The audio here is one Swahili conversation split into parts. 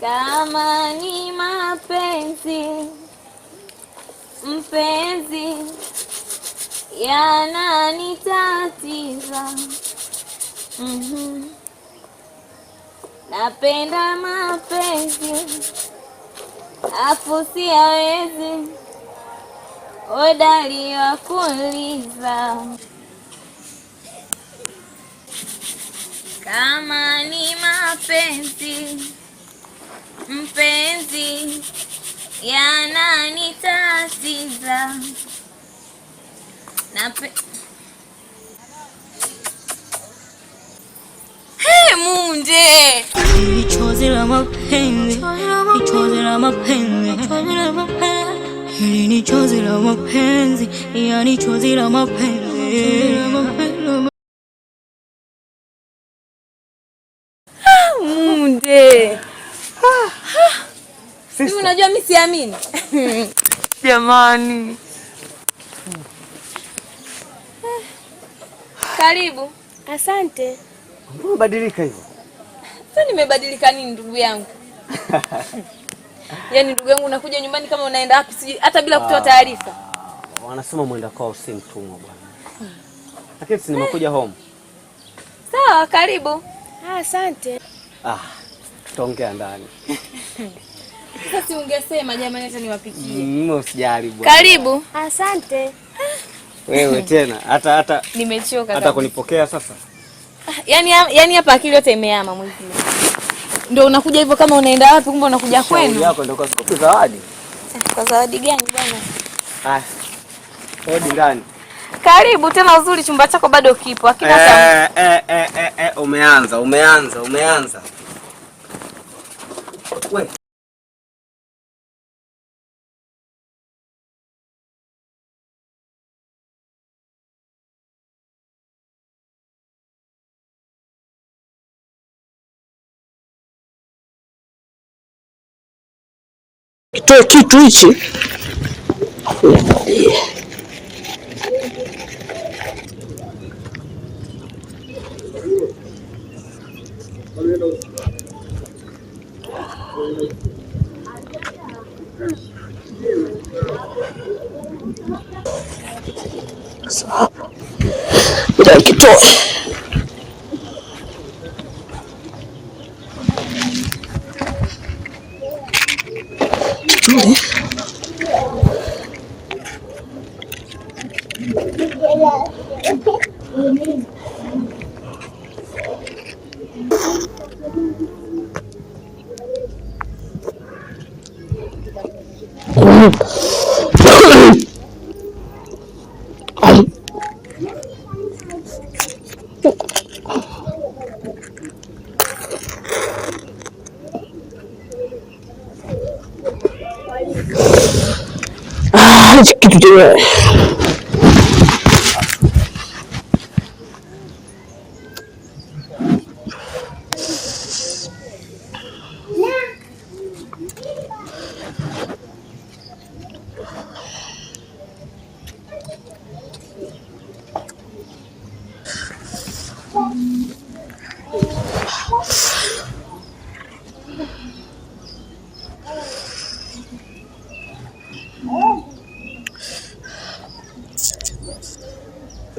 Kama ni mapenzi mpenzi, yananitatiza mm -hmm. Napenda mapenzi afu siawezi odali wa kuliza kama ni mapenzi mpenzi yananitatiza pe... Hey, munde la mapenzi chozi la mapenzi, ni chozi la mapenzi, yani chozi la mapenzi unajua mimi siamini. Jamani. Karibu. Asante. Umebadilika hivyo? Sasa nimebadilika nini ndugu yangu? Yaani ndugu yangu unakuja nyumbani kama unaenda wapi si hata bila kutoa ah. taarifa. Wanasema mwenda kwao si mtumwa bwana. Lakini si nimekuja eh. home. Sawa, karibu. Ah, asante. Ah, tutaongea ndani. Sasa ungesema jamani, hata niwapikie. Mm, mimi usijali bwana. Karibu. Asante. Wewe tena hata hata nimechoka hata kunipokea sasa. Yaani yaani hapa akili yote imeama mwizi. Ndio unakuja hivyo kama unaenda wapi kumbe unakuja kwenu. Ndio yako ndio kwa siku zawadi. Kwa zawadi gani bwana? Ah. Hodi ndani. Karibu tena uzuri, chumba chako bado kipo. Akina sana. Eh, eh, eh, eh, eh, umeanza umeanza umeanza. Wewe kitu hichi n k i o k i t a to do it.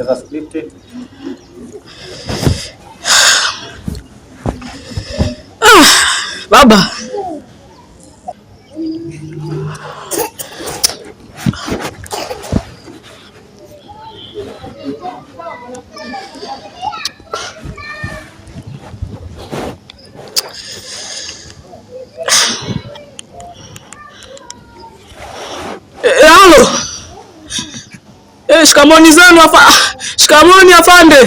Together scripted. Ah, baba eh, eh, Shikamoo zenu hapa. Shikamoni afande.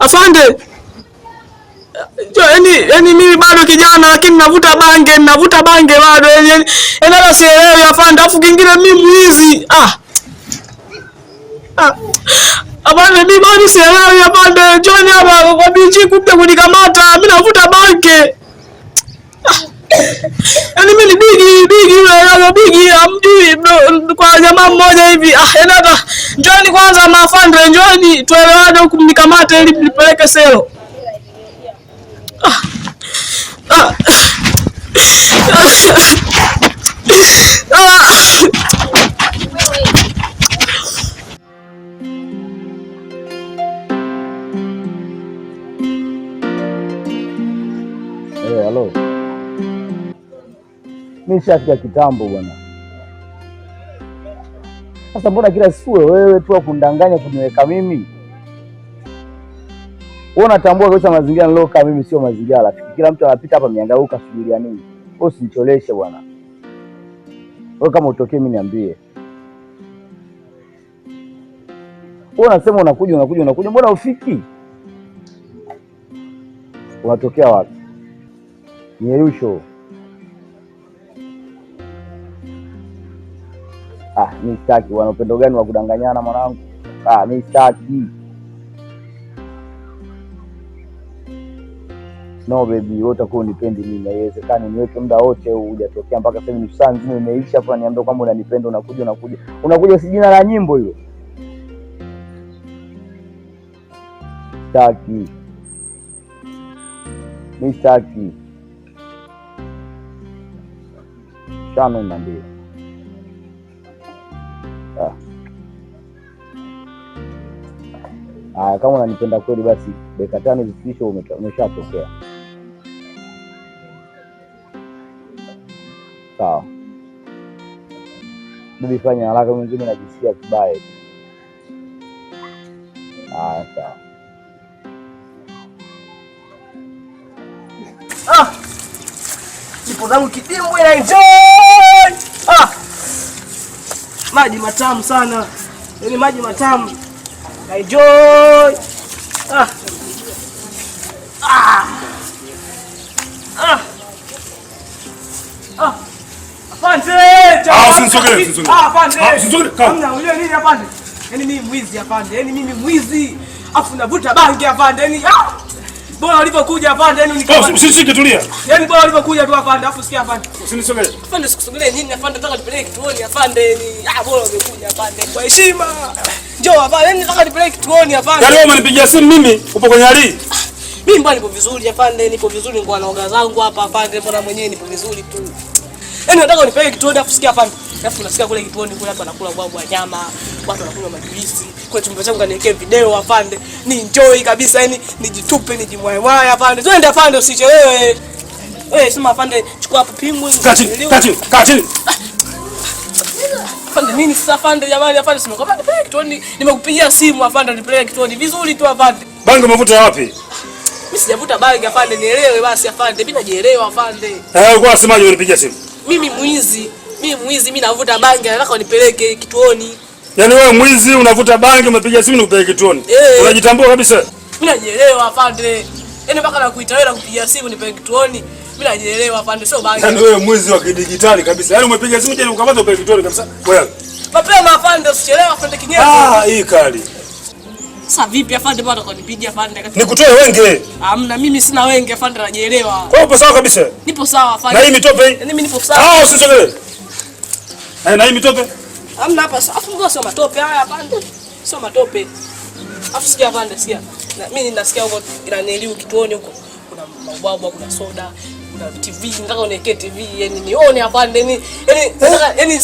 Afande. Jo, yani mimi bado kijana lakini navuta bange, navuta bange bado. Yani yani sielewi afande, afu kingine mimi mwizi. Ah. Ah. Afande mimi bado sielewi afande. John hapa kwa bichi kuja kunikamata, mimi navuta bange. Ah ani mimi bigi bigi yule yaani bigi amjui kwa jamaa mmoja hivi. Ah, yaani njoni kwanza mafando njoni tuelewane huku mnikamate ili nipeleke selo. Ah. Ah. ah, ah, ah nishafika kitambo bwana. Sasa mbona kila siku wewe tu kundanganya kuniweka mimi? Wewe unatambua kabisa mazingira nilokaa mimi sio mazingira rafiki. Kila mtu anapita hapa miangauka, subiria nini? Wewe usinicholeshe bwana. Wewe kama utokee mimi niambie. Wewe unasema unakuja unakuja unakuja, mbona ufiki? Unatokea wapi? Nierusho ah, mi Wana upendo gani wa kudanganyana mwanangu? Ah, mi No baby, wewe utakuwa unipendi mimi, haiwezekani. Niweke muda wote huu hujatokea mpaka sasa hivi, saa nzima imeisha, afu niambia kwamba unanipenda. Unakuja unakuja unakuja, si jina la nyimbo hiyo. Sitaki mi shano, niambie aya ah, kama unanipenda kweli, basi dakika tano zifikisho umeshatokea. Sawa bibi, fanya haraka, mwingine najisikia kibaya. Aya, ah, sawa ah, ipo zangu kidimbwi na enjoy ah, maji matamu sana, yaani maji matamu na enjoy. Ah. Ah. Ah. Ah. Afande. Ah, usisogele. Hamna, unajua nini afande? Yaani mimi mwizi afande. Yaani mimi mwizi. Afu navuta bangi afande. Yaani ah. Bora ulivyokuja afande, yani unikabana. Usishike, oh, tulia. Yaani bora ulivyokuja tu afande, afu sikia afande. Usinisogelee. Afande, sikusogelee nini afande, nataka nipeleke kituoni afande. Ni ah, bora umekuja afande. Kwa heshima. Njoo afande, yani nataka nipeleke kituoni afande. Yaani wewe umenipigia simu mimi, upo kwenye hali? Ah, mimi mbona nipo vizuri afande, nipo vizuri, ngoa naoga zangu hapa afande, mbona mwenyewe nipo vizuri tu. Yaani nataka unipeleke kituoni afu sikia hapa. Alafu unasikia kule kituoni kule watu wanakula bwabu wa nyama, watu wanakunywa majuisi. Kwa chumba changu kaniwekee video afande. Ni enjoy kabisa yani nijitupe nijimwaimwaye afande. Twende afande usichelewe. Wewe eh, sema afande chukua hapo pingu. Kati kati kati. Afande nini sasa afande jamani afande simekwambia nipeleke kituoni. Nimekupigia simu afande nipeleke kituoni vizuri tu afande. Bangi umevuta wapi? Mimi sijavuta bangi afande nielewe basi afande. Mimi najielewa afande. Eh, kwa semaje unipigia simu? mimi mwizi, mimi mwizi, mimi navuta bangi, nataka unipeleke kituoni. Yaani wewe mwizi unavuta bangi, umepiga simu nikupeleke kituoni? Hey. Eh. Unajitambua kabisa? Mimi najielewa pande. Yaani mpaka nakuita wewe na kupiga simu nipeleke kituoni. Mimi najielewa pande, sio bangi. Yaani wewe mwizi wa kidijitali kabisa. Yaani umepiga simu je, ukamata upeleke kituoni kabisa? Wewe. Mapema pande, usichelewe pande kinyesi. Ah, hii kali. Sasa vipi afande bado akanipigia afande Nikutoe wenge. Hamna mimi sina wenge afande najielewa. Kwa hiyo upo sawa kabisa? Nipo sawa afande. Na hii mitope? Mimi nipo sawa. Ah, usizogelee. Eh, na hii mitope? Hamna hapa sawa. Afu ngoja sio matope haya afande. Sio matope. Afu sikia afande sikia. Na mimi ninasikia huko inaniliu ukituone huko. Kuna mabwabwa, kuna soda, TV, TV, yani nione afande ni yani eh? yani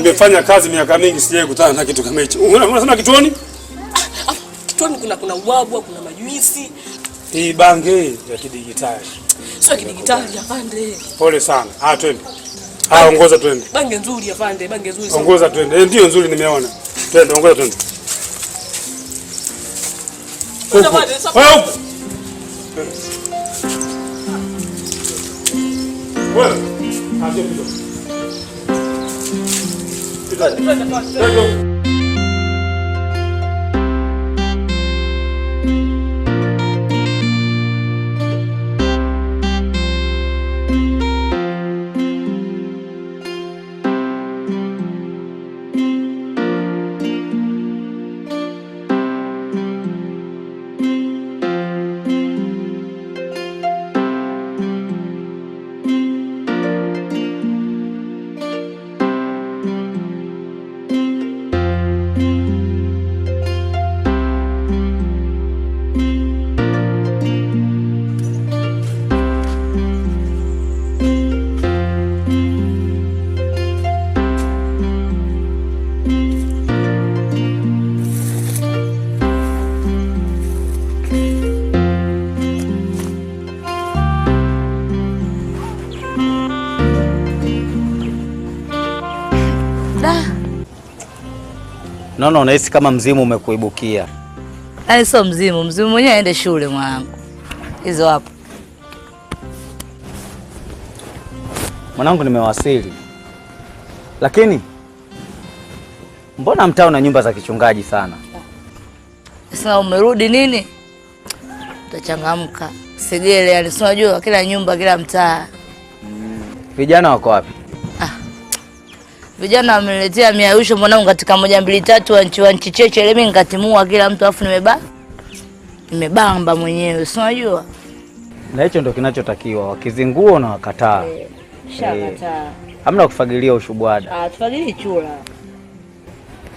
Nimefanya kazi miaka mingi sijai kutana na kitu kama hicho. Unasema kituoni? Stone kuna kuna ubwabwa, kuna majuisi. Hii bange ya kidigitali. Sio kidigitali afande. Pole sana. Ah, twende. Ah, ongoza twende. bange nzuri afande, bange nzuri. Ongoza twende. Eh, ndio nzuri nimeona. Twende, ongoza twende. Wewe, hapo kidogo. Kidogo. Naona unahisi kama mzimu umekuibukia. Ai, yaani sio mzimu, mzimu mwenyewe aende shule mwanangu. Hizo hapo. Mwanangu, nimewasili. Lakini mbona mtaa una nyumba za kichungaji sana? Sasa umerudi nini? Utachangamka. Segele, yani si unajua kila nyumba kila mtaa. Vijana wako wapi? vijana wameletea miausho mwanangu, katika moja mbili tatu, wanchi wanchi cheche ile mimi nikatimua kila mtu, afu nimeba nimebamba mwenyewe, si unajua. Na hicho ndio kinachotakiwa, wakizingua na wakataa e, eh, shakataa e, hamna kufagilia ushubwada. Ah, tufagili chura.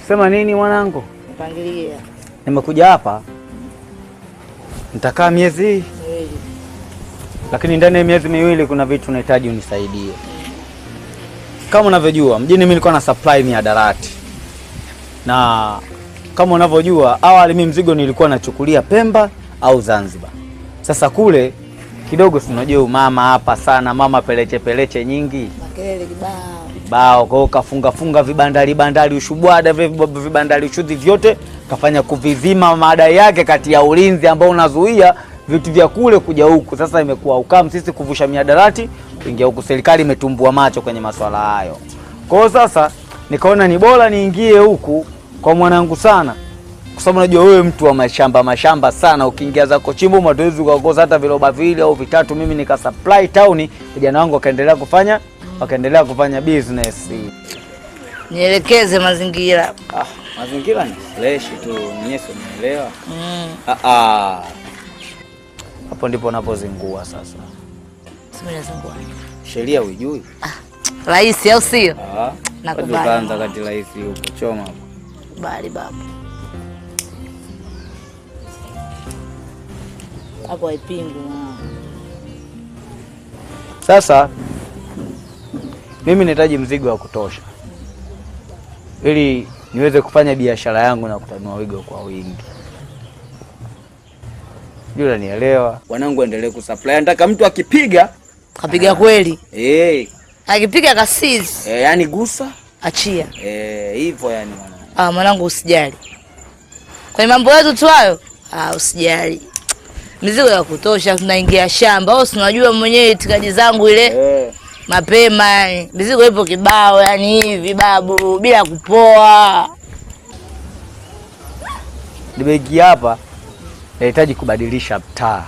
Sema nini mwanangu? Mpangilia. Nimekuja hapa nitakaa miezi hii, eh. lakini ndani ya miezi miwili kuna vitu unahitaji unisaidie. Kama unavyojua mjini mimi nilikuwa na supply mihadarati, na kama unavyojua awali mimi mzigo nilikuwa nachukulia Pemba au Zanzibar. Sasa kule kidogo, si mama hapa sana, mama peleche peleche nyingi, kibao bao kwao, kafunga funga vibandari bandari ushubwada vibandari ushudhi vyote kafanya kuvizima madai yake kati ya ulinzi ambao unazuia vitu vya kule kuja huku, sasa imekuwa ukam sisi kuvusha miadarati kuingia huku. Serikali imetumbua macho kwenye masuala hayo. Kwa hiyo sasa nikaona ni bora niingie huku kwa mwanangu sana, kwa sababu najua wewe mtu wa mashamba mashamba sana, ukiingia zako chimbo matuwezi ukakosa hata viroba viwili au vitatu. Mimi nika supply town, vijana wangu wakaendelea kufanya wakaendelea kufanya business. Nielekeze mazingira. Ah, mazingira ni fresh tu, nyeso nielewa. Mm. Ah ah hapo ndipo napozingua sasa. Zinazingua sheria huijui ah, rahisi, au sio? Ah, Kwanza kati rahisi huko choma hapo. Bali baba hapo haipingwi. Sasa mimi nahitaji mzigo wa kutosha ili niweze kufanya biashara yangu na kutanua wigo kwa wingi. Yule nielewa. Wanangu endelee kusupply. Nataka mtu akipiga kapiga kweli. Eh. Akipiga kasizi. Eh, yani gusa, achia. Eh, hivyo yani mwanangu. Ah, mwanangu usijali. Kwa mambo yetu tu hayo. Ah, usijali. Mizigo ya kutosha, tunaingia shamba. Wewe oh, unajua mwenyewe itikaji zangu ile. Eh. Mapema, eh. mizigo ipo kibao, yani hivi babu, bila kupoa. Nimeingia hapa nahitaji kubadilisha mtaa.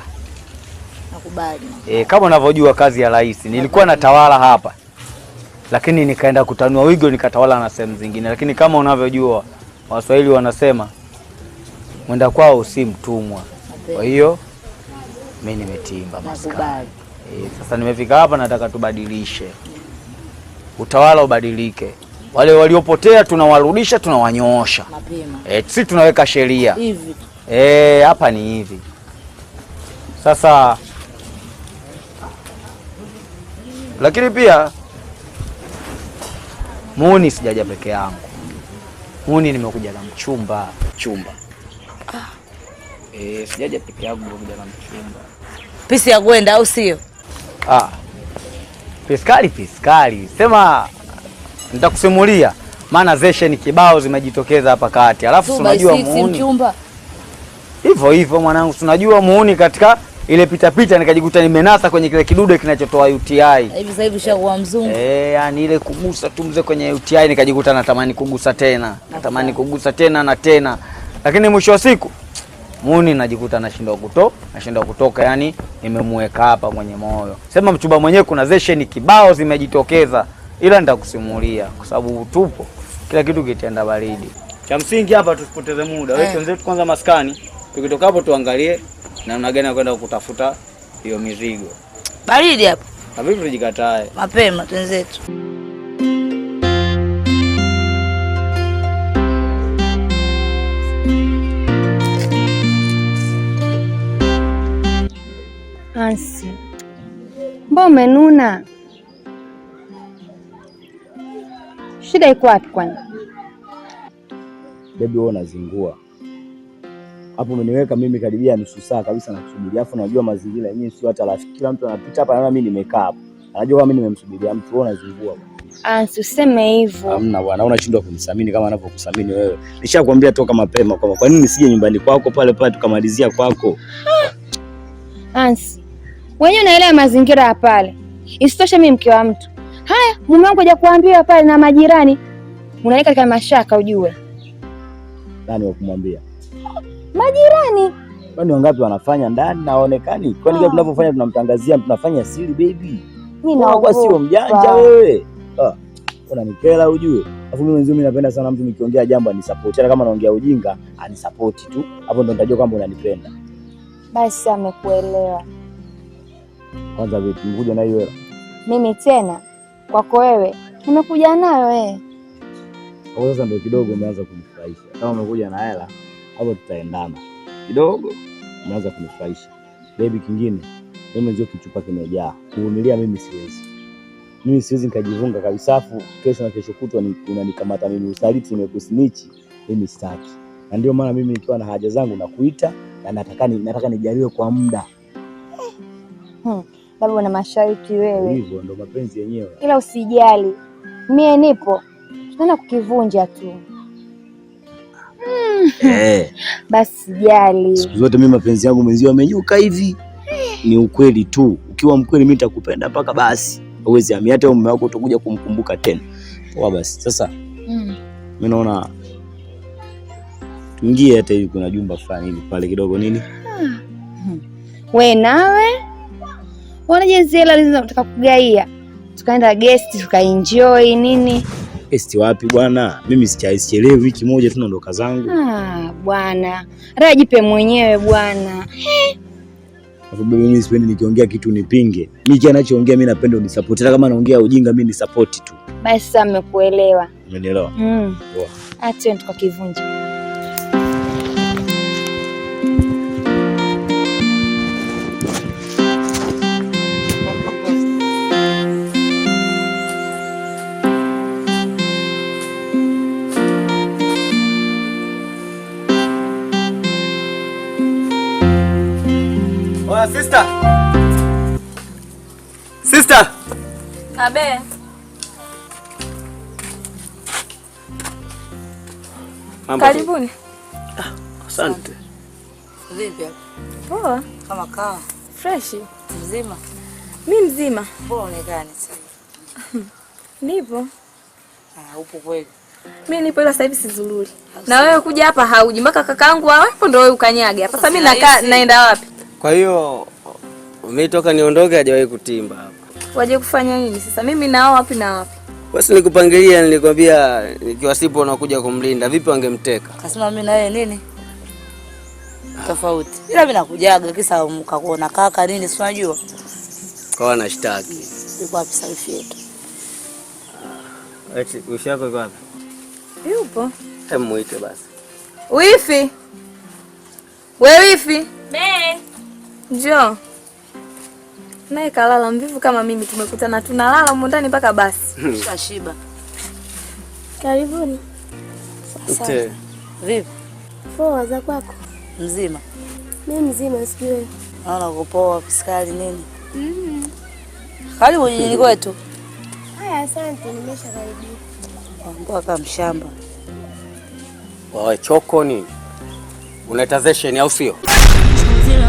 Nakubali. E, kama unavyojua kazi ya rais nilikuwa natawala hapa, lakini nikaenda kutanua wigo nikatawala na sehemu zingine, lakini kama unavyojua Waswahili wanasema mwenda kwao si mtumwa. Kwa hiyo mi nimetimba maskani. E, sasa nimefika hapa, nataka tubadilishe utawala ubadilike. Wale waliopotea tunawarudisha, tunawanyoosha. E, si tunaweka sheria hivi Eh, hapa ni hivi sasa, lakini pia muni sijaja peke yangu, muni nimekuja na mchumba chumba. Ah. Eh, sijaja peke yangu, nimekuja na mchumba. Pisi ya kwenda au sio? Ah. Piskali piskali, sema nitakusimulia, maana zesheni kibao zimejitokeza hapa kati, alafu unajua muni hivyo hivyo mwanangu, tunajua muoni katika ile pita pita, nikajikuta nimenasa kwenye kile kidude kinachotoa UTI. Hivi sasa hivi ushakuwa mzungu eh, yani ile kugusa tu mzee kwenye UTI, nikajikuta natamani kugusa tena, natamani kugusa tena na tena, lakini mwisho wa siku muni najikuta nashindwa kuto nashindwa kutoka, yani nimemweka hapa kwenye moyo. Sema mchumba mwenyewe, kuna zesheni kibao zimejitokeza, ila nitakusimulia kwa sababu tupo kila kitu kitaenda baridi. Cha msingi hapa tusipoteze muda, wewe eh. kwanza maskani tukitokapo tuangalie namna gani ya kwenda kutafuta hiyo mizigo. Baridi hapo hapo, tujikatae mapema, twenzetu. Hansi, mbona umenuna? Shida iko wapi kwani? Bebi, wewe unazingua hapo umeniweka mimi karibia nusu saa kabisa nakusubiri, alafu najua mazingira yenyewe sio hata rafiki. Kila mtu anapita hapa naona mimi nimekaa hapo, anajua kama mimi nimemsubiria mtu. Wewe unazingua bwana. Ah, usiseme hivyo. Hamna bwana, unashindwa kunisamini kama anavyokuthamini wewe. Nishakwambia toka mapema kwamba kwa nini sije nyumbani kwako pale pale tukamalizia kwako. Ansi, wenyewe unaelewa mazingira ya pale. Isitoshe mimi mke wa mtu. Haya, mume wangu haja kuambia pale na majirani, unaweka katika mashaka ujue. Nani wa kumwambia? majirani kwani wangapi wanafanya ndani na waonekani? Kwani kile ah. tunavyofanya tunamtangazia, tunafanya siri baby. Mimi naogopa, sio mjanja wewe. Ah, unanikera ujue. Alafu mimi mwenyewe napenda sana mtu nikiongea jambo anisapoti, hata kama naongea ujinga anisapoti tu, hapo ndo nitajua kwamba unanipenda. Basi amekuelewa. Kwanza vipi, mkuja na hiyo Mimi tena kwako wewe nimekuja nayo eh. Kwa Sasa ndo kidogo umeanza kunifurahisha, kama umekuja na hela hapo tutaendana kidogo, naanza kunifurahisha baby. Kingine mimi ndio kichupa kimejaa, kuvumilia mimi siwezi, mimi siwezi nikajivunga kabisa, afu kesho na kesho kutwa unanikamata mimi usaliti, nimekusinichi mimi sitaki. Na ndio maana mimi nikiwa na haja zangu nakuita na nataka nataka nijaliwe kwa muda hmm. hmm. Baba, una masharti wewe. Hivyo ndo mapenzi yenyewe, ila usijali, mie nipo, tutaenda kukivunja tu. Eh. Basi jali. Siku zote mimi mapenzi yangu mwenzio amenyuka hivi. Ni ukweli tu. Ukiwa mkweli mimi nitakupenda mpaka basi. Uwezi ami hata mume wako utakuja kumkumbuka tena. Poa basi. Sasa mm. Mimi naona ingie hata hivi kuna jumba fulani hivi pale kidogo nini? Hmm. Ah. We nawe unajezi hela nataka kugaia, tukaenda gesti tukaenjoy nini Esti wapi bwana, mimi sichelewi, wiki moja tu naondoka zangu. Ah, bwana rajipe mwenyewe bwana. Mimi sipendi nikiongea kitu nipinge. Mimi kile anachoongea mimi napenda unisupport. Hata kama naongea ujinga mimi ni support tu. Basi amekuelewa. Umenielewa? Mm. Wow. Acha tukakivunja. Ah, sister. Sister. Abe. Mambo. Karibuni. Ah, asante. Vipi hapo? Poa. Kama kawa. Fresh. Mzima. Mi mzima. Poa unaonekana sasa. Nipo. Ah, upo kweli. Mi nipo ila sasa hivi sizururi. Ah, Na wewe kuja hapa hauji mpaka kakaangu hawepo ndio wewe ukanyage. Sasa mimi nakaa naenda wapi? Kwa hiyo mimi toka niondoke hajawahi kutimba hapa. Waje kufanya nini sasa? Mimi nao wapi na wapi? Basi nikupangilia, nilikwambia nikiwa sipo unakuja kumlinda. Vipi wangemteka? Kasema mimi na yeye nini? Tofauti. Ila mimi nakujaga kisa mkakuona kaka nini si unajua? Kwa anashtaki. Yuko wapi safi yetu? Eti ushako yuko wapi? Yupo. Hebu muite basi. Wifi. Wewe wifi. Mimi njo naye kalala mvivu kama mimi, tumekutana tunalala humo ndani mpaka basi shashiba. Karibuni. Vipi? Poa, za kwako? Mzima Mimi mzima, sijui naona poa, kusikali nini. mm -hmm. Karibu jijini kwetu. Haya, asante, nimesha karibia. Mboa kama mshamba wawe choko ni unaitazesheni au sio?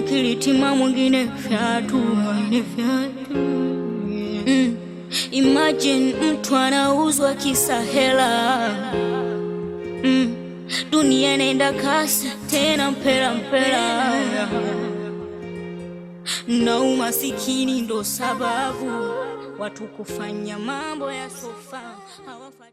akili timamu mwingine fyatu mwingine fyatu mm. Imagine mtu anauzwa kisa hela mm. Dunia inaenda kasi tena mpela mpela, na umasikini ndo sababu watu kufanya mambo ya sofa.